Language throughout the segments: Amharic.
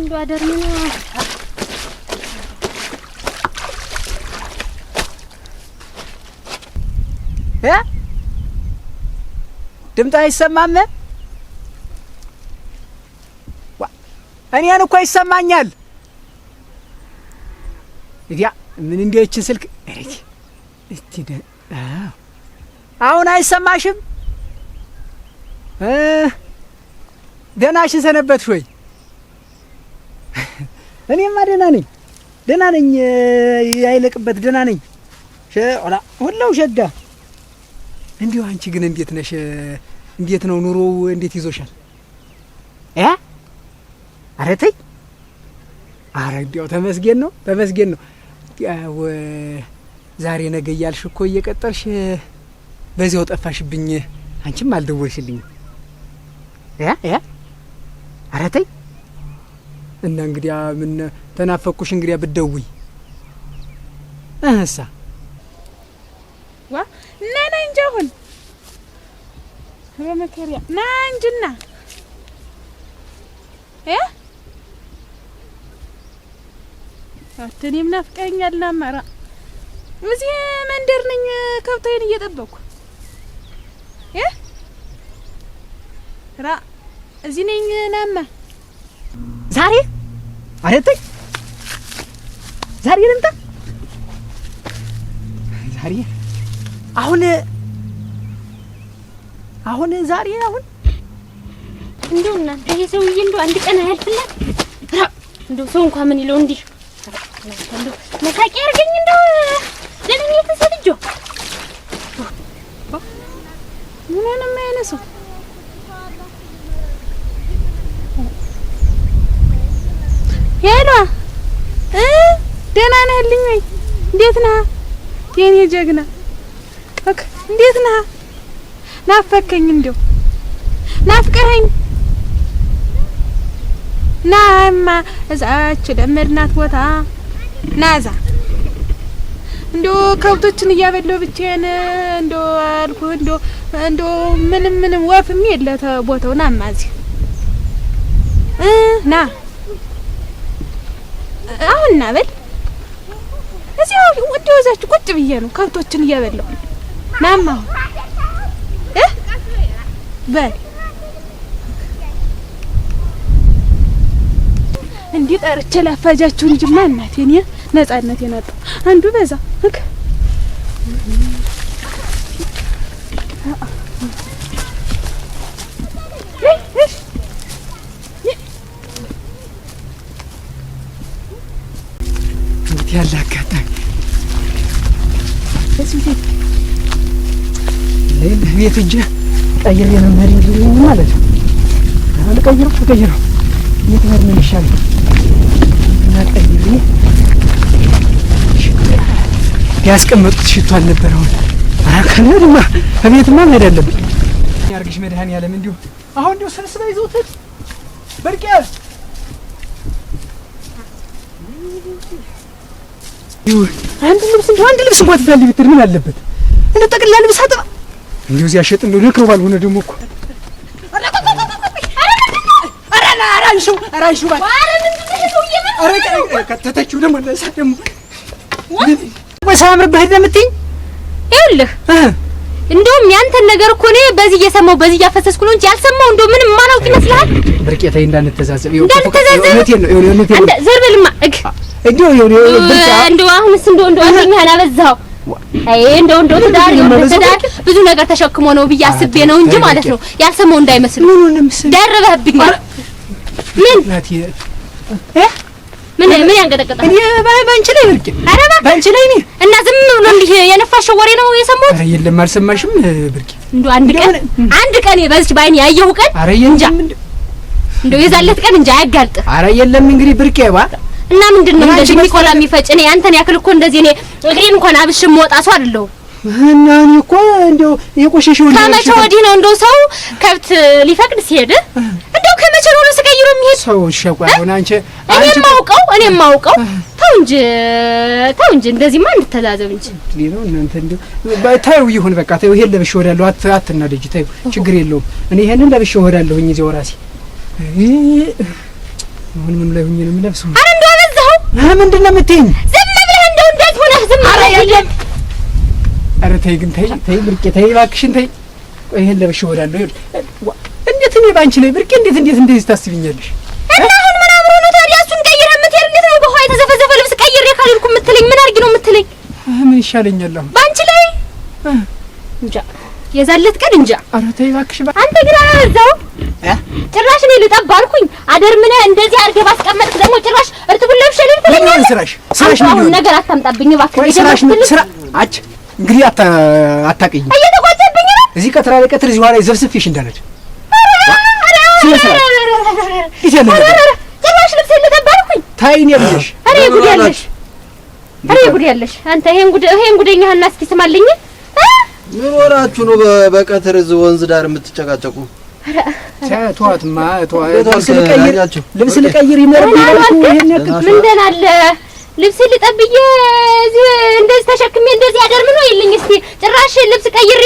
እንዶ አደር ምን እ ድምጣ አይሰማም? እኔን እኮ ይሰማኛል። እዲያ ምን እንዲያው ይችን ስልክ እሬት እትደ አሁን አይሰማሽም? ደህናሽን ሰነበትሽ ወይ? እኔማ ደህና ነኝ፣ ደህና ነኝ። ያይለቅበት ደህና ነኝ። ሸላ ሁላው ሸጋ። እንዲሁ አንቺ ግን እንዴት ነሽ? እንዴት ነው ኑሮው? እንዴት ይዞሻል? እ ኧረ ተይ፣ ኧረ እንዲያው ተመስገን ነው፣ ተመስገን ነው። ዛሬ ነገ እያልሽ እኮ እየቀጠርሽ በዚያው ጠፋሽብኝ። አንቺም አልደወልሽልኝም። እ ኧረ ተይ እና እንግዲያ ምን ተናፈኩሽ? እንግዲያ ብትደውይ እህሳ ዋ እና ና እንጂ አሁን በመከሪያ ና እንጂና እ አትኔም ናፍቀኸኛል። ናማራ እዚህ መንደር ነኝ፣ ከብታዬን እየጠበቅኩ እ ራ እዚህ ነኝ ናማ ዛሬ አረ ዛሬ ልምጣ ዛሬ አሁን አሁን ዛሬ አሁን እንደው እናንተ ይሄ ሰውዬ እንደው አንድ ቀን አያልፍላት እንደው ሰው እንኳን ምን ይለው እንዲህ መሳቂያ ያርገኝ እንደው ለምን ምን ምንም አይነሰው ሄሎ እ ደህና ነህልኝ ወይ? እንዴት ነህ የኔ ጀግና? ኦክ እንዴት ነህ? ናፈከኝ፣ እንደው ናፍቀኸኝ። ናማ እዛች ለመድናት ቦታ ናዛ እንዶ ከብቶችን እያበላሁ ብቻዬን እንዶ አልኩ እንዶ እንዶ ምንም ምንም ወፍም የለ ቦታው ናማ እዚህ እ ና አሁን እናበል እዚያ እንደው እዛችሁ ቁጭ ብዬ ነው ከብቶችን እያበላሁ። ናማ አሁን በል እንዲህ ጠርቼ ላፋጃችሁ እንጂማ እናቴን ነጻነት የናጣ አንዱ በዛ እክ ቤት እጄ ቀይሬ ነው መሪ ማለት ነው። ልቀይረው ልቀይረው የት መሄድ ነው የሚሻለው? እና ቀይሬ ያስቀመጡት ሽቶ አልነበረውን አካልድማ እቤትማ መሄድ አለብኝ። ያርግሽ መድሃን ያለም እንዲሁ አሁን እንዲሁ ስብስባ ይዘውታል። በርቅያል አንድ ልብስ እንዲሁ አንድ ልብስ እንኳን ትታለህ ብትር ምን አለበት? እንደ ጠቅላላ ልብስ አጥባ እንዲሁ እዚያ ሸጥ እንደው ደክሞ ባልሆነ ደግሞ እኮ ሳያምርብህ እንደምትይኝ ይኸውልህ፣ እንደውም ያንተን ነገር እኮ እኔ በዚህ እየሰማሁ በዚህ እያፈሰስኩ ነው እንጂ ያልሰማሁ እንደው ምንም ማናውቅ ይመስልሃል? ብርቄታይ እንዳንተዛዘብ እንዳንተዛዘብ ዝም እግ እንደው አሁንስ እንደው እንደው አገኘህ አላበዛኸው እንደው እንደው ትዳር ትዳር ብዙ ነገር ተሸክሞ ነው ብዬ አስቤ ነው እንጂ ማለት ነው ያልሰማው እንዳይመስል። ደርበህብኝ ምን ምን ምን ያንቀጠቀጣል? እኔ ባንቺ ላይ ብርቅ። ኧረ ባንቺ ላይ ነው። እና ዝም ብሎ እንዲህ የነፋሽው ወሬ ነው የሰማሁት። የለም አልሰማሽም እንደው አንድ ቀን አንድ ቀን በዚች ያየሁ ቀን እንጃ፣ እንደው የዛለት ቀን እንጃ የለም እንግዲህ እና ምንድን ነው እንደዚህ የሚቆላ የሚፈጭ? እኔ አንተን ያክል እኮ እንደዚህ እኔ እግሬን እንኳን አብሽ መወጣ ሰው አይደለሁም። እና እኔ እኮ እንደው የቆሸሸው ከመቼ ወዲህ ነው እንደው ሰው ከብት ሊፈቅድ ሲሄድ እንደው ከመቼ ነው ነው ስቀይሮ የሚሄድ ሰው? ሸቋ ነው። አንቺ እኔ የማውቀው እኔ የማውቀው ተው እንጂ ተው እንጂ እንደዚህማ እንተዛዘብ እንጂ ነው እናንተ እንደው ታዩ ይሁን በቃ ታዩ። ይሄን ለብሼ እሄዳለሁ። አት አትና ልጅ ታዩ፣ ችግር የለውም። እኔ ይሄንን ለብሼ እሄዳለሁኝ እዚያው ራሴ አሁንም ላይ ሁኜ ነው የምለብሰው። አረ እንደው አበዛኸው። አረ ምንድን ነው የምትይኝ? ዝም ብለህ እንደው እንዴት ሆነህ ዝም አረ የለም። አረ ተይ ግን ተይ ተይ ብርቄ ተይ እባክሽን ተይ። ቆይ ይሄን ለብሼ እወዳለሁ። እንዴት እኔ ባንቺ ላይ ብርቄ እንዴት እንዴት እንደዚህ ታስቢኛለሽ? እና አሁን ምን አምሮ ነው ታዲያ? እሱን ቀይረህ የምትሄድ እንዴት ነው? በኋላ የተዘፈዘፈ ልብስ ቀይሬ ካልሄድኩ የምትለኝ ምን አድርጊ ነው የምትለኝ? ምን ይሻለኛል አሁን ባንቺ ላይ እንጃ። የዛለት ቀን እንጃ። አረ ተይ እባክሽ። አንተ ግን አበዛኸው ጭራሽ እኔ ልጠብ አልኩኝ አደር ምን እንደዚህ አድርጌ ባስቀመጥክ ደግሞ ጭራሽ እርጥቡን ለብሼ ልሂድ ትለኛለህ። ስራሽ ስራሽ ነው። አሁን ነገር አታምጣብኝ እባክህ። ስራሽ ምን ስራ። አጭ እንግዲህ አታ አታቀኝ እየተቆጨብኝ ነው። እዚህ ቀጥራ ለቀጥር እዚህ ኋላ ዘብስፍሽ እንዳለች ጭራሽ ልብስ ልጠብ አልኩኝ። ታይኝ ያለሽ አሬ ጉድ ያለሽ አሬ ጉድ ያለሽ አንተ ይሄን ጉድ ይሄን ጉደኛህና እስኪ ስማልኝ ምን ሆናችሁ ነው በቀትር እዚህ ወንዝ ዳር የምትጨቃጨቁ? ተዋትማ ልብስ ልቀይር ምን ደህና አለ ልብስ ልጠብዬ እንደዚህ ተሸክሜ እንደዚህ አደርም ነው ይልኝ። እስቲ ጭራሽ ልብስ ቀይሬ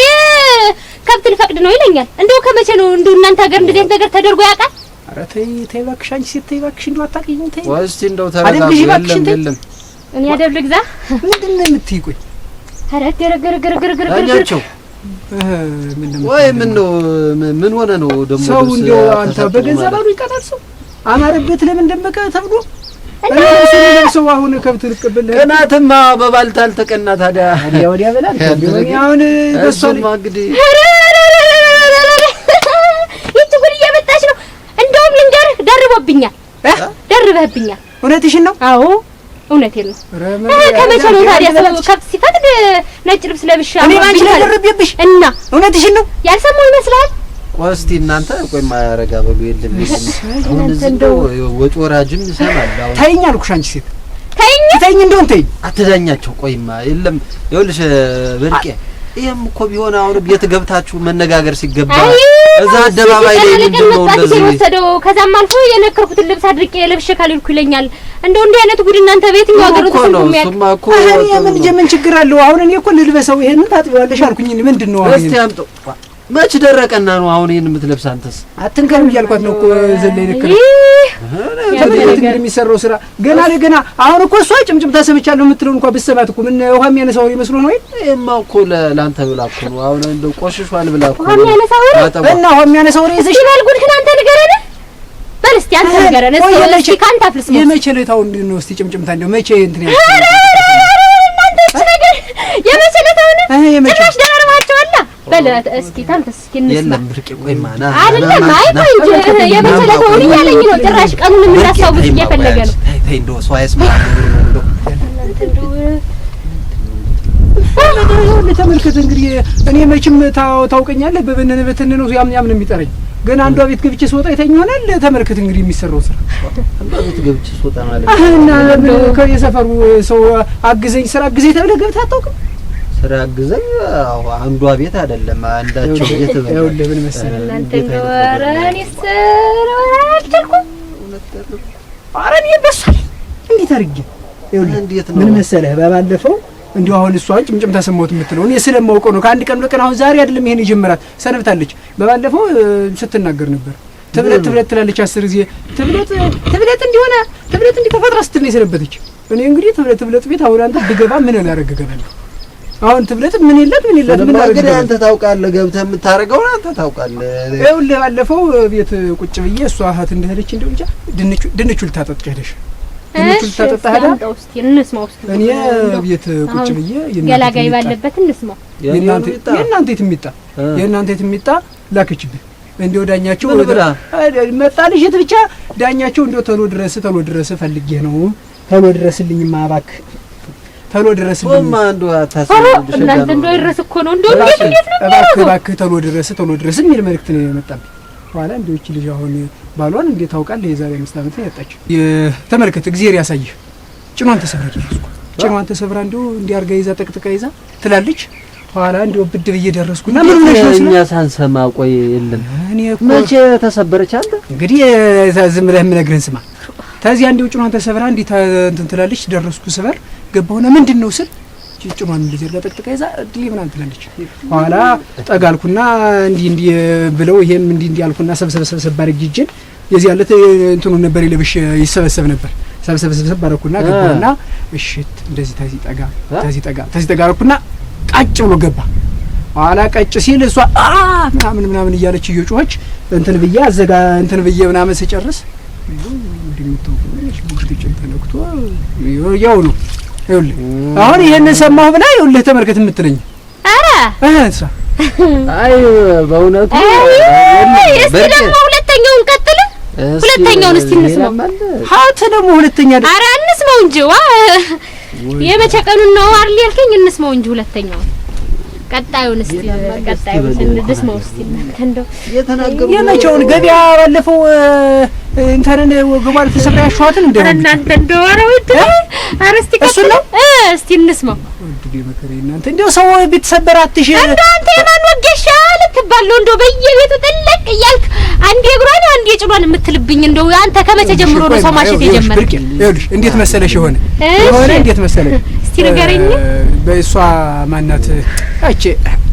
ከብት ልፈቅድ ነው ይለኛል። እንደው ከመቼ ነው እንደው እናንተ ሀገር እንደዚህ ነገር ተደርጎ ያውቃል? ኧረ ተይ ተይ እባክሽ አንቺ ሴት ተይ እባክሽ፣ እንደው አታውቂኝም። ተይ ወስቲ እንደው ተረጋግሽ እባክሽ። እኔ አደብ ልግዛ ምንድን ነው የምትይቁኝ? ኧረ ገረገረገረገረገረ ወይ ምን ነው ምን ሆነ ነው ደግሞ ሰው እንደው አንተ በገዛ ባሉ ይቀጣል ሰው አማረበት ለምን ደመቀ ተብሎ ሰው አሁን ከብት ልቀበል ቅናትማ በባልታ አልተቀና ታዲያ ወዲያ ወዲያ ብላል አሁን በሷ እንግዲህ ነው እንደውም ልንገርህ ደርቦብኛል ደርበህብኛል እውነትሽን ነው አዎ እውነቴን ነው። ከመቼ ነው ታዲያ ሰው ከብት ሲፈቅድ ነጭ ልብስ ለብሻ እኔ ላይ እና እውነትሽን ነው ያልሰማው ይመስላል። ቆይ እናንተ ቆይ ማረጋ በሉ የለም እንደው ወራጅም ይሰማል። አልኩሽ አንቺ ሴት እንደውን ተይኝ አትዳኛቸው። ቆይማ የለም ይኸውልሽ በልቄ ይሄም እኮ ቢሆን አሁን ቤት ገብታችሁ መነጋገር ሲገባ እዛ አደባባይ ላይ ምንድነው እንደዚህ ወሰደው። ከዛም አልፎ የነከርኩትን ልብስ አድርቄ የለብሽ ካልልኩ ይለኛል። እንደው እንዲህ አይነት ጉድ እናንተ ቤት ነው ያገሩት ነው የሚያውቁ። ምን ችግር አለው አሁን? እኔ እኮ ልልበሰው ይሄንን ታጥቢዋለሽ አልኩኝ። ምንድነው አሁን እስቲ አምጡ መች ደረቀና ነው አሁን ይሄን የምትለብስ? አንተስ አትንካም እያልኳት ነው እኮ ዘለይ ልክ ነው። ስራ ገና ለገና አሁን እኮ እሷ ጭምጭምታ ሰምቻለሁ የምትለው እንኳ ብትሰማት እኮ ምን ውሃ የሚያነሳው ይመስሎ ነው። ይሄማ እኮ ለአንተ ብላ እኮ ነው አሁን እንደው ቆሽሿል ብላ እኮ እና ውሃ የሚያነሳው ነው ይዘሽ ይላል። ግን አንተ ንገረን በል እስኪ አንተ ንገረን እስኪ ካንተ አፍልስ የመቼ ዕለት አሁን ነው እስኪ ጭምጭምታ እንደው መቼ እንትን ያለው የመቼ ዕለት አሁን ጭራሽ ደህና በል እስኪ ታንተ እስኪ እንስማ። አይደለም አይ ቆይ እንጂ የበሰለተውን እያለኝ ነው። ጭራሽ ቀኑን የምናስታውስ እየፈለገ ነው። ተመልከት እንግዲህ እኔ መቼም ታውቀኛለህ፣ በበነነ በተነ ነው ያም ያም ነው የሚጠረኝ። ግን አንዷ ቤት ገብቼ ስወጣ የተኝ ይሆናል። ተመልከት እንግዲህ የሚሰራው ስራ አንዷ ቤት ገብቼ ስወጣ ማለት እና የሰፈሩ ሰው አግዘኝ ስራ አግዘኝ ተብለህ ገብተህ አታውቅም? ስራ ግዘኝ። አንዷ ቤት አይደለም አንዳቸው ቤት ነው። ይኸውልህ ምን መሰለህ እንዴት ምን መሰለህ በባለፈው እንዲሁ አሁን እሷን ጭምጭም ተሰማሁት የምትለው እኔ ስለማውቀው ነው። ከአንድ ቀን ለቀን አሁን ዛሬ አይደለም ይሄን የጀመራት ሰነብታለች። በባለፈው ስትናገር ነበር ትብለት ትብለት ትላለች አስር ጊዜ ትብለት ትብለት እንዲሆነ ትብለት እንዲተፈጥራ ስትል ነው የሰነበተች። እኔ እንግዲህ ትብለት ትብለት ቤት አሁን አንተ ብገባ ምን ላደርግ እገባለሁ አሁን ትብለት ምን ይላል ምን ይላል ምን አድርገህ አንተ ታውቃለህ፣ ገብተህ የምታደርገውን አንተ ታውቃለህ። ይኸውልህ ባለፈው ቤት ቁጭ ብዬ እሷ እህት እንደሄደች እንደው እንጃ ድንቹ ድንቹ ልታጠጥ ሄደሽ ድንቹ ልታጠጣ ሄዳ እኔ ቤት ቁጭ ብዬ ገላጋይ ባለበት እንስማው የእናንተ የእናንተ የት የሚጣ የእናንተ የት የሚጣ ላከችብኝ እንዲው ዳኛቸው መጣልሽ። ልጅት ብቻ ዳኛቸው እንዲው ተሎ ድረስ ተሎ ድረስ ፈልጌ ነው ተሎ ድረስልኝ ማባክ ተሎ ድረስ አንዱ እናንተ እንደው ይድረስ እኮ ነው እንደው እንዴት እንዴት ነው ያለው? እባክህ ተሎ ድረስ ተሎ ድረስ የሚል መልእክት ነው የመጣብኝ። በኋላ እንደው እቺ ልጅ አሁን ባሏን እንዴት ታውቃለህ? የዛሬ አምስት ዓመት ነው ያጣችው። ተመልከት፣ እግዚአብሔር ያሳይህ። ጭኗን ተሰብራ ደረስኩ። ጭኗን ተሰብራ እንደው እንዲያርጋ ይዛ ጠቅጥቃ ይዛ ትላለች። በኋላ እንደው ብድብ እየደረስኩና ምን ነው እኛ ሳንሰማ ቆይ የለም እኔ መቼ ተሰበረች አንተ እንግዲህ ዝም ብለህ የምነግርህን ስማ። ተዚያ እንደው ጭኗን ተሰብራ እንዲህ እንትን ትላለች። ደረስኩ ስበር ገባሁና ምንድን ነው ስል ጭኗን ልጅ ለጠቅጥቃ ይዛ እድሌ ምናምን ትላለች። በኋላ ጠጋልኩና እንዲህ እንዲህ ብለው ይሄም እንዲህ እንዲህ አልኩና ሰብሰብ ሰብሰብ ባረግ ይጅን የዚህ ያለት እንትኑ ነበር የለብሽ ይሰበሰብ ነበር ሰብሰብ ሰብሰብ ባረኩና ገባሁና እሽት እንደዚህ ታዚ ጠጋ ታዚ ጠጋ ታዚ ጠጋ አልኩና ቃጭ ብሎ ገባ። በኋላ ቀጭ ሲል እሷ አ ምናምን ምናምን እያለች እየጮኸች እንትን ብዬ አዘጋ እንትን ብዬ ምናምን ስጨርስ እንደምታውቁ ነው ሽቡክ ያው ነው ይኸውልህ አሁን ይሄንን ሰማሁ ብላ ይኸውልህ ተመልከት የምትለኝ። ኧረ እህንሳ አይ በእውነቱ እስቲ ደግሞ ሁለተኛውን ቀጥል። ሁለተኛውን እስቲ እንስማው። ሀት ደግሞ ሁለተኛ ኧረ እንስማው እንጂ ዋ የመቼ ቀኑን ነው አይደል ያልከኝ? እንስማው እንጂ ሁለተኛውን ቀጣዩን እስቲ ቀጣዩን ስንድስመው እስቲ እናንተ እንደው የመቼውን ገበያ ባለፈው እንተንን ግቧል ፍስራ ያሸዋትን እንደ እናንተ እንደው ውድ ኧረ እስቲ ነው እስቲ እንስማው። ውድ መከሬ እናንተ እንደው ሰው ቢተሰበር አትሽ እንዳንተ የማን ወጌሻ ልትባል እንደው በየቤቱ ጥልቅ እያልክ አንዴ እግሯን አንዴ ጭኗን የምትልብኝ እንደው አንተ ከመቼ ጀምሮ ነው ሰው ማሸት የጀመረ? እንዴት መሰለሽ የሆነ የሆነ እንዴት መሰለሽ እስቲ ንገረኝ። በእሷ ማናት እቺ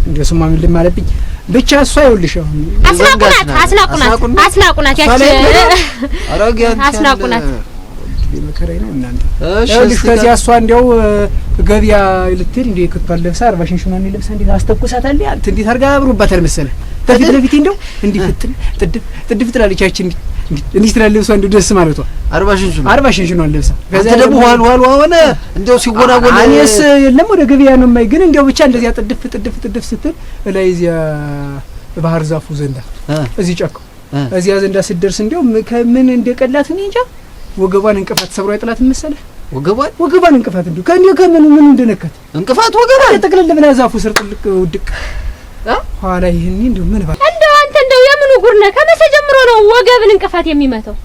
እንደ ምን ልማለብኝ ብቻ እሷ ይኸውልሽ፣ አሁን አስናቁናት አስናቁናት አስናቁናት ያቺ አረጋት አስናቁናት መከራዬ ነው እናንተ። እሺ ከዚያ እሷ እንዲያው ገበያ ልትሄድ እንደ ክቷን ለብሳ አርባ ሽንሽኗን ለብሳ እንዴት አስተኩሳታል። አንተ እንዴት አድርጋ አብሮባታል መሰለህ። በፊት ለፊቴ እንዲያው እንዲህ ፍትል ጥድፍ ጥድፍ ትላለች ያቺ እንዲህ እንዲህ ትላለህ። ልብሷ እንደው ደስ ማለቷ አርባ ሽንሽ ነው፣ አርባ ሽንሽ ነው ለብሳ። ከዛ ደግሞ ዋል ዋል ሆነ እንደው ሲጎናጎል። እኔስ የለም ወደ ገበያ ነው የማይ ግን እንደው ብቻ እንደዚያ ጥድፍ ጥድፍ ጥድፍ ስትል ላይ እዚያ ባህር ዛፉ ዘንዳ እዚህ ጫካው እዚያ ዘንዳ ስትደርስ እንደው ከምን እንደቀላት እኔ እንጃ። ወገቧን እንቅፋት ሰብሮ አይጥላት መሰለህ? ወገቧን ወገቧን እንቅፋት እንደው ከእንዲህ ከምኑ ምኑ እንደነካት እንቅፋት ወገቧን ጠቅለል ብላ ዛፉ ስር ጥልቅ ውድቅ ኋላ ይህኔ እንዲሁ ምን ባ እንደው አንተ እንደው የምኑ ጉር ነህ? ከመቼ ጀምሮ ነው ወገብን እንቅፋት የሚመታው?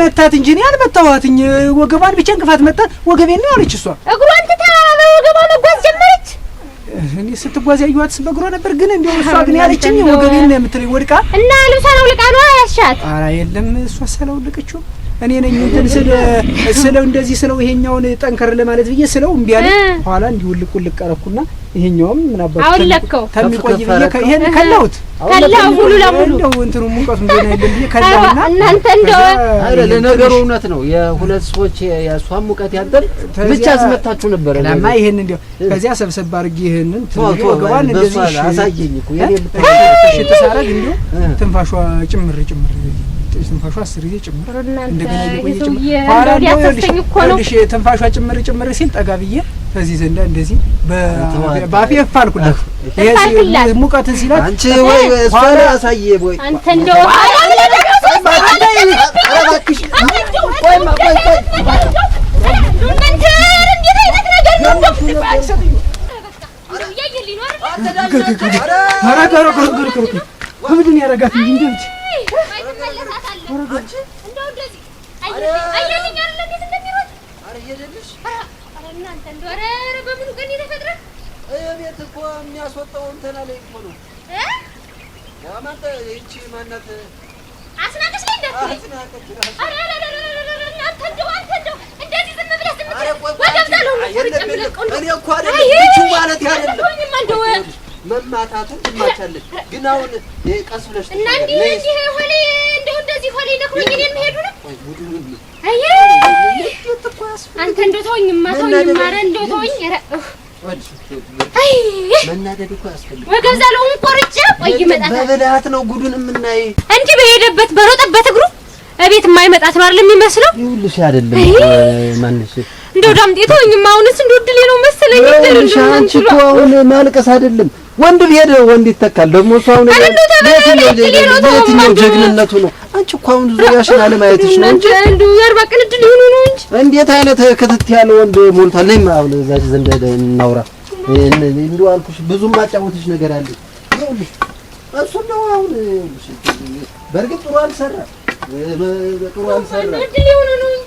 መታት እንጂ እኔ አልመታኋትኝ። ወገቧን ብቻ እንቅፋት መታ ወገቤን ነው ያለች እሷ። እግሯን ትታ በወገቧ መጓዝ ጀመረች። እኔ ስትጓዝ ያየኋትስ በእግሯ ነበር፣ ግን እንዲሁ እሷ ግን ያለችኝ ወገቤን ነው የምትለኝ። ወድቃ እና ልብሷን አውልቃ ነው ያሻት። ኧረ የለም እሷ ሳላውልቀችው እኔ ነኝ እንትን ስለው እንደዚህ ስለው ይሄኛውን ጠንከር ለማለት ብዬ ስለው እምቢ አለ። ኋላ እንዲሁ ልቁ ልቀረኩና ይሄኛውም ምናባቱ አሁን ለከው ከሚቆይ ብዬ ይሄን ከላሁት ከላሁ ሙሉ ለሙሉ እንደው እንትኑ ሙቀቱ እንደሆነ አይደለም ብዬ ከላሁና እናንተ እንደው አይደል ለነገሩ እውነት ነው። የሁለት ሰዎች የሷም ሙቀት ያደል ብቻ አስመታችሁ ነበር ለማ ይሄን እንደው ከዚያ ሰብሰብ አድርጊ ይሄንን ትንሽ ወገባን እንደዚህ አሳየኝ እኮ የኔ ልትሽ እንደው ትንፋሿ ጭምር ጭምር ትንፋሿ አስር ጊዜ ጭምር እንደገና እየቆየ ጭምር ትንፋሿ ጭምር ጭምር ሲል ጠጋ ብዬ ከዚህ ዘንዳ እንደዚህ በአፌ እፋልኩላት። ሙቀትን ሲላት አንቺ ወይ ኋላ አሳየ ወይ አንተ እንደው ኧረ ምንድን ያደርጋት እንጂ እንደው እቤት እኮ የሚያስወጣው እንትን አለኝ እኮ ነው። ያማንተ ይቺ ማናት? አስናቀች ላይ እንደዚህ ዝም ብለህ ዝም ብለህ ማለት ያደለም ትማቻለች። ግን አሁን ቀስ ብለሽ እና እንዲህ እንዲህ ሆነ እንደዚህ ሆነ ይደክመኝ እኔን መሄዱ ነው። አይ አንተ እንደው ተወኝማ ተወኝማ፣ ኧረ እንደው ተወኝ። መናደድ እኮ ያስፈልጋል። ወገብ ዛለውን ቆርጬ ቆይ ይመጣታል። በብልሃት ነው ጉዱን የምናይ እንጂ በሄደበት በሮጠበት እግሩ እቤት የማይመጣት ነው አይደል የሚመስለው። ይኸውልሽ አይደለም ማንሽ እንደው ዳምጤ ተወኝማ። አሁንስ እንደው ድሌ ነው መሰለኝ። ይኸውልሽ አንቺ እኮ አሁን ማልቀስ አይደለም ወንድ ብሄድ ወንድ ይተካል። ደግሞ እሱ አሁን የትኛው ጀግንነቱ ነው አንቺ እኮ አሁን ዙሪያሽን አለማየትሽ ነው እንጂ አንዱ የአርባ ቀን እድል ይሁን ነው እንጂ እንዴት አይነት ክትት ያለ ወንድ ሞልቷል። ለይ ማብለ ዛች ዘንድ እናውራ። እንዱ አልኩሽ ብዙም ማጫወትሽ ነገር አለ። ይኸውልሽ እሱ ነው አሁን በእርግጥ ጥሩ አልሰራ ጥሩ አልሰራ እድል ይሁን ነው እንጂ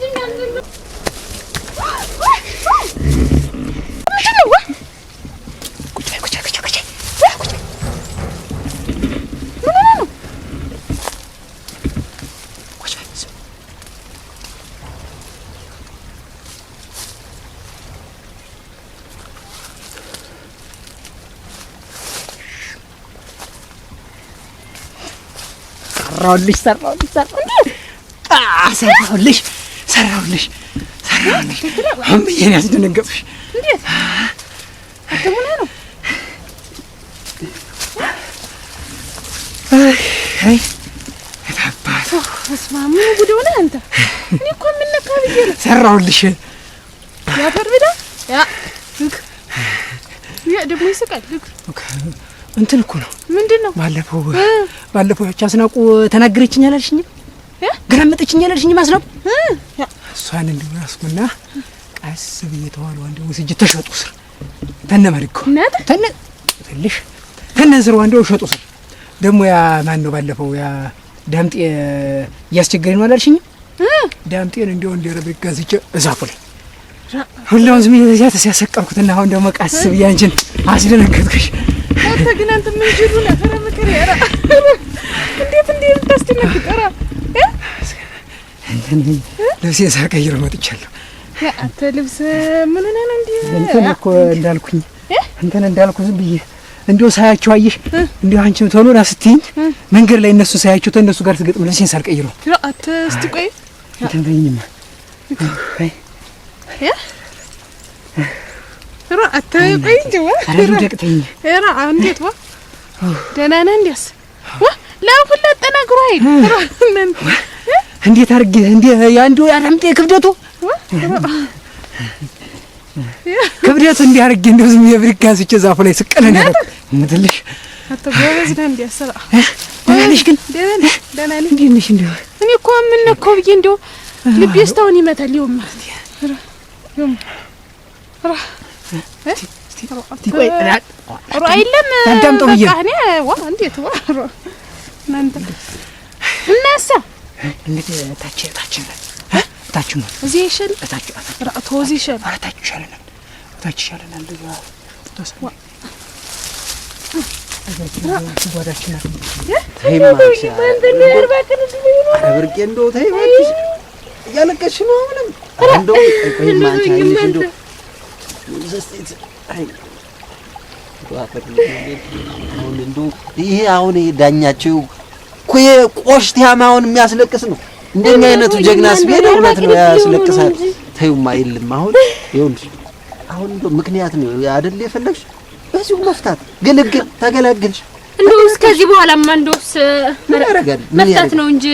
ሰራሁልሽ፣ ሰራሁልሽ፣ ሰራሁልሽ፣ ሰራሁልሽ፣ ሰራሁልሽ፣ ሰራሁልሽ። አሁን ብዬሽ ነው ያስደነገጥሽ። እንዴት አትሙና ነው? አይ ታባቱ እስማሙ ጉድ ሆነ። አንተ እኔ እኮ የምነካ ብዬ ነው ሰራሁልሽ። ያፈር ብዳ ያ ልክ ያ ደግሞ ይስቃል። ልክ እንትን እኮ ነው ምንድን ነው ባለፈው ባለፈው ያቺ አስናቁ ተናገረችኝ አላልሽኝም? ገላመጠችኝ አላልሽኝም? አስናቁ እሷን እንዲሁ አስኩና ቀስ ብዬ ተዋለዋ እንዲሁ ወስጄ ተሸጡ ስር ተነ ማድጋው ተነ ትልሽ ተነ ዝሮ እንዲሁ ሸጡ ስር ደግሞ ያ ማን ነው ባለፈው ያ ዳምጤ እያስቸገረኝ ነው አላልሽኝም? ዳምጤን እንዲሁ እንደረብሪክ ይጋዝጭ እዛፉ ላይ ሁላውን ዝም ብዬ እዚያ አሁን ደግሞ ቀስ ብዬ አንቺን አስደነገጥኩሽ። አንተ ግን አንተ ምን ጅሉ ነህ? ኧረ ምክር ኧረ እንዴት እንዴት ልታስደነግጥ ልብስ የሳር ቀይሮ መጥቻለሁ። አንተ ልብስ ምን ሆነህ ነው? እንዲህ እንትን እኮ እንዳልኩኝ እንትን እንዳልኩ ዝም ብዬ እንዲሁ ሳያቸው አየሽ፣ እንዲሁ አንቺም ቶሎ ና ስትይኝ መንገድ ላይ እነሱ ሳያቸው ተነሱ ጋር ስገጥም ልብስ የሳር አንተ እስቲ ቆይ እንትን በይኝማ እንዴት አድርጌ እንዴ ያንዱ ያረምጤ ክብደቱ ክብደቱ እንዲህ አድርጌ እንደው ዝም የብሪጋ ዛፉ ላይ ስቀለ ነው ምትልሽ። አቶ ጎበዝ ነህ። እንዲህ አሰራ ደናነሽ ግን ደናነ እንዴ ነሽ? እንደው እኔ እኮ ምን እኮ ብዬ እንደው ልቤ እስካሁን ይመታል። ይኸውማ ይኸውማ ሮ አይለም ታዳምጦ ብዬ እያለቀሽ ነው ምንም እንደው ቆይ ማንቻ እንደው ይሄ አሁን ዳኛቸው እኮ ቆሽት ያማውን የሚያስለቅስ ነው። እንደኛ አይነቱ ጀግናስ ቢሄድ እውነት ነው ያስለቅሳል። ተይውማ የለም አሁን ይኸውልሽ፣ አሁን እንደው ምክንያት ነው አይደል የፈለግሽ? በዚሁ መፍታት ግልግል ተገላግልሽ። እንደው እስከዚህ በኋላማ እንደውስ መፍታት ነው እንጂ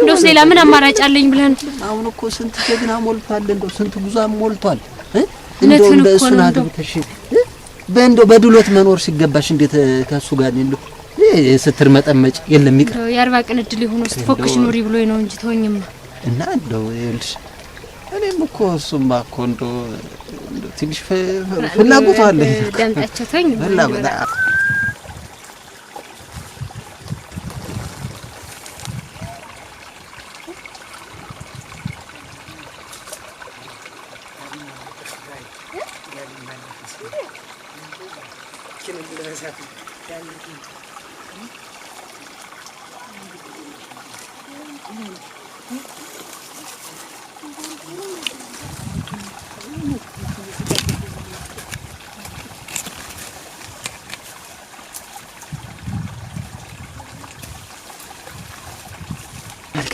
እንደውስ ሌላ ምን አማራጭ አለኝ ብለን አሁን እኮ ስንት ጀግና ሞልቷል። እንደው ስንት ጉዟም ሞልቷል። እንደውም በእሱን አግብተሽ በድሎት መኖር ሲገባሽ እንዴት ጋር ስትር መጠመጭ የለም ይቅር። የአርባ ቀን እድል ስትፎክሽ ኑሪ ብሎ ነው እንጂ ተወኝማ እና እንደው ይኸውልሽ እኔም እኮ እኮ እንደው ትንሽ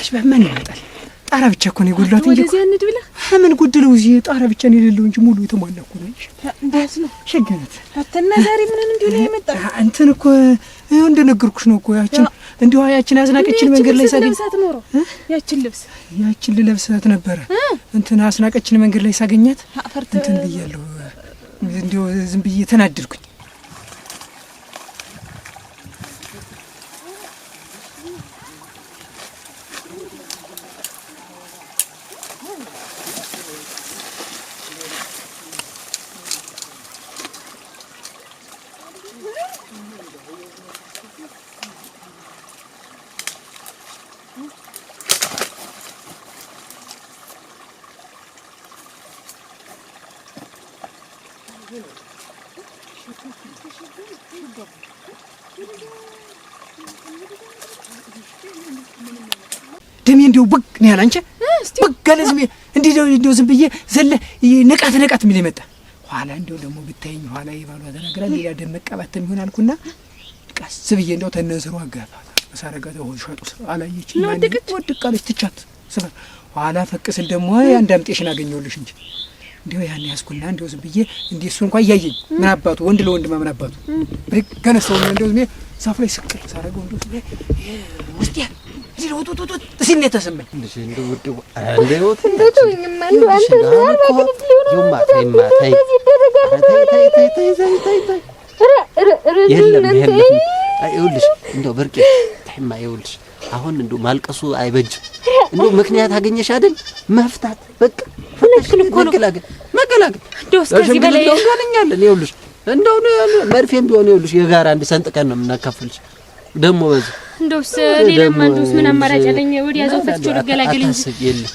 ጭራሽ በምን ይመጣል? ጣራ ብቻ እኮ ነው የጎላት እንጂ ወደዚህ አንድ ብለህ ምን ጉድ እዚህ ጣራ ብቻ ነው የሌለው እንጂ ሙሉ የተሟላ እኮ ነው። እንዴት ነው ሸገነት አተና ዛሬ ምን እንዲሁ ላይ የመጣ እንትን እኮ ይኸው እንደነገርኩሽ ነው እኮ ያችን እንዲሁ ያችን አስናቀችን መንገድ ላይ ሳገኝ ያችን ልብስ ያችን ልለብሳት ነበረ። እንትን አስናቀችን መንገድ ላይ ሳገኛት እንትን ብያለሁ። እንዲሁ ዝም ብዬ ተናደድኩኝ። ነው ያለ። አንቺ በጋለ ዝም እንዲው እንዲው ዝም ብዬ ዘለ ነቃት ነቃት ምን ይመጣ ኋላ እንደው ደግሞ ብታይኝ ኋላ የባሏ ተናግራ ሌላ ደም መቀባት ምን አልኩና ቀስ ብዬ እንዲው ተነስሮ አጋፋት ሳረጋት ሆ ሸጡ አላየች ወድቅት ወድቃለች ትቻት ስበር ኋላ ፈቅ ስል ደግሞ አንድ አምጤሽን አገኘሁልሽ እንጂ እንዲሁ ያን ያስኩና እንዲሁ ዝም ብዬ እንዲ እሱ እንኳ እያየኝ ምን አባቱ ወንድ ለወንድማ ምን አባቱ ገነሰው እንዲሁ ዝም ሳፍ ላይ ስቅር ሳረገው እንዲሁ ውስጥ ያ አሁን እንደው ማልቀሱ አይበጅም። እንደው ምክንያት አገኘሽ አይደል? መፍታት በቃ ሁለቱን እኮ ነው መገላገል። እንደው እስከዚህ በላይ ይኸውልሽ እንደው መርፌም ቢሆን ይኸውልሽ የጋራ አንድ ሰንጥቀን ነው የምናካፍልሽ ደግሞ በዚህ እንደውስ ሌላማ እንደውስ ምን አማራጭ አለኝ? ወዲያ እዛው ፈትቾ ልገላገል እንጂ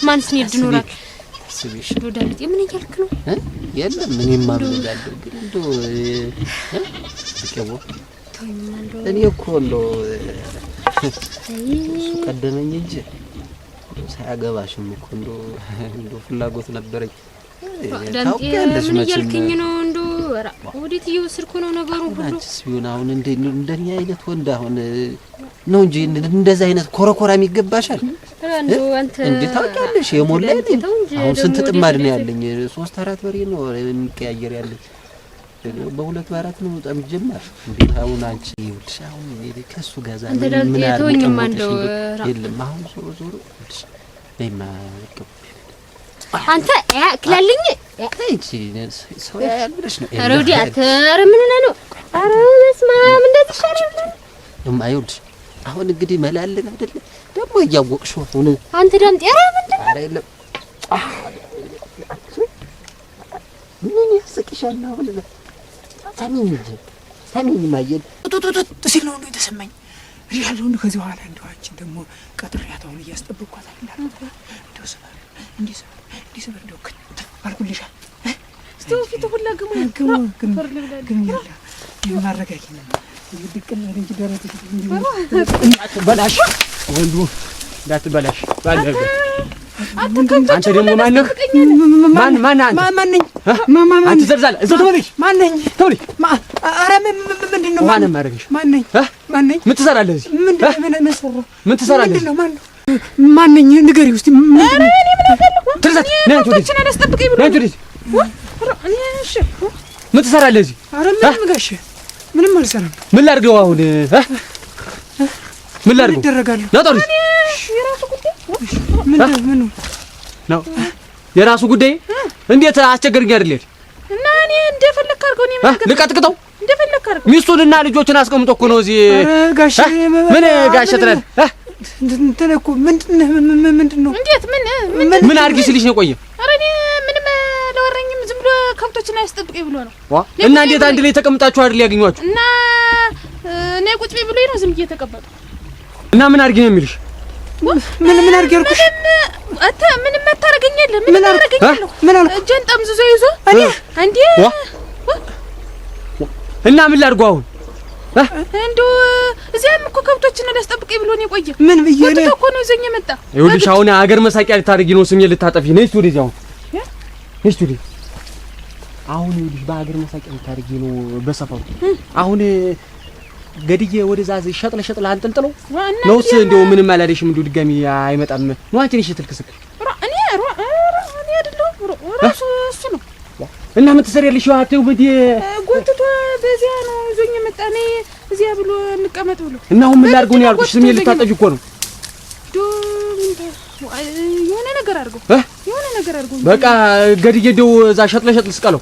ማንስ ነው ይድኖራል። ስብሽ ዶዳልት ምን እያልክ ነው? የለም ምን ይማሩ ይማምላለሁ ግን እንደው ልቀቦ እኔ እኮ እንደው እሱ ቀደመኝ እንጂ ሳያገባሽም እኮ እንዶ እንደው ፍላጎት ነበረኝ። ምን መቼም ነው ኧረ ወዴት እየወሰድኩ ነው ነገሩ ሁሉ ቢሆን አሁን እንደኛ አይነት ወንድ አሁን ነው እንጂ እንደዚህ አይነት ኮረኮራም ይገባሻል። እንዴ ታውቂያለሽ፣ የሞላ አሁን ስንት ጥማድ ነው ያለኝ? ሶስት አራት በሬ ነው የሚቀያየር ያለኝ። በሁለት በአራት ነው በጣም ጀማር። እንዴ አሁን አንቺ ይኸውልሽ፣ አሁን ከሱ ጋዛ ምን አለ የለም አሁን ዞሮ ዞሮ ይማ አንተ ያክላልኝ እንጂ ሰው ነው። ረውዲ አተር ምን ነው? አረ አሁን እንግዲህ መላልን አይደለ ደግሞ እያወቅሽ ሆነ አንተ ደም ጤራ ምንድን አይደለም ምን ያስቅሻል? አሁን ሰሚኝ ሰሚኝ ማየል ጡጡጡጥ ሲል ነው እንደተሰማኝ እልሻለሁ። ከዚህ በኋላ እንደዋችን ደግሞ ቀጥር ያታውን እያስጠበቅኳት እንደው ስበር እንዲህ ስበር እንዲህ ስበር እንደው አልኩልሻል። ፊት ሁላ እንዳትበላሽ ባለበት አንተ ደግሞ ማነህ? ማን ማን አንተ ማን ነኝ? እዛው ተመለሽ። ማን ነኝ? ተውልኝ። ኧረ ምንድን ነው? ማን ማረግሽ? ማን ነኝ? ማን ነኝ? ምን ትሰራለህ እዚህ? ምን ትሰራለህ? ማን ማን ነኝ? ንገሪው እስኪ። ኧረ እኔ ምን አፈልኩ? ትርዛት ነኝ። ወዲህ ነኝ። አስጠብቀኝ ብሎ ነኝ። ወዲህ እኔ እሺ። ምን ትሰራለህ እዚህ? ኧረ ምንም ጋሽ፣ ምንም አልሰራም። ምን ላድርገው አሁን? ምን ላድርግ? ይደረጋሉ ናጣሪ የራሱ ጉዳይ እንዴት አስቸገርኝ አይደል? እና እኔ እንደፈለክ አድርገው ነው ማለት ልቀጥቅጠው እንደፈለክ አድርገው ሚስቱንና ልጆችን አስቀምጦ እኮ ነው እዚህ ጋሽ ምን ጋሽ ትናንት እንትን እኮ ምንድን ምንድን ነው እንዴት ምን ምን አድርጊ ስልሽ ነው ቆየ። ኧረ እኔ ምንም አላወራኝም። ዝም ብሎ ከብቶችን አያስጠብቀኝ ብሎ ነው። እና እንዴት አንድ ላይ ተቀምጣችሁ አይደል ያገኟችሁ? እና እኔ ቁጭ ብሎኝ ነው ዝም ብዬ ተቀመጥኩ። እና ምን አድርጌ ነው የሚልሽ? ምን ምን አድርጌ አልኩሽ? አንተ ምን አታረገኛለህ። ምን አደረገኛለሁ? ምን አልኩ? እጄን ጠምዝዞ ይዞ እኔ እንዴ! እና ምን ላድርገው አሁን? እንዶ እዚያም እኮ ከብቶችን ሊያስጠብቀኝ ብሎ ነው የቆየ። ምን ብዬ ነው ወጥቶ እኮ ነው ይዞኝ የመጣ። ይኸውልሽ አሁን አገር መሳቂያ ልታደርጊ ነው፣ ስሜ ልታጠፊ ነው። እስቲ ወደዚህ አሁን እስቲ ወደዚህ አሁን ይኸውልሽ በአገር መሳቂያ ልታደርጊ ነው በሰፈሩ አሁን ገድዬ ወደዛ ሸጥለ ሸጥለ አንጠልጥለው ነውስ እንደው ምንም አላደሽም? እንደው ድጋሚ አይመጣም ነው አንቺ ነሽ ትልክስክሽ። እና ምን ትሰሪያለሽ? አትይው ምድ ጎትቶ በዚያ ነው ይዞኝ የመጣ እኔ እዚያ ብሎ እንቀመጥ ብሎ እና አሁን ምን ላድርገው ነው ያልኩሽ። ስሜን ልታጠጅ እኮ ነው። የሆነ ነገር አድርገው የሆነ ነገር አድርገው በቃ ገድዬ እንደው እዛ ሸጥለ ሸጥል ስቀለው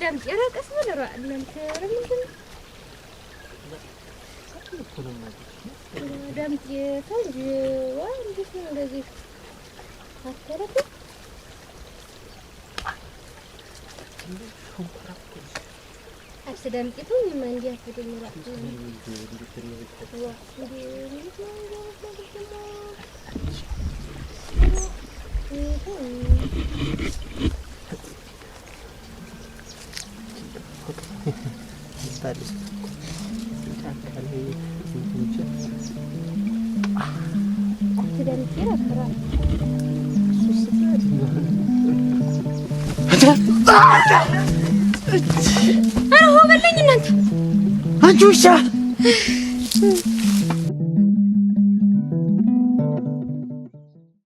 ገዳም ጨረቀስ በለሯ እናንተ ትመጣለች። ኧረ ሆ እናንተ አንቺ ውሻ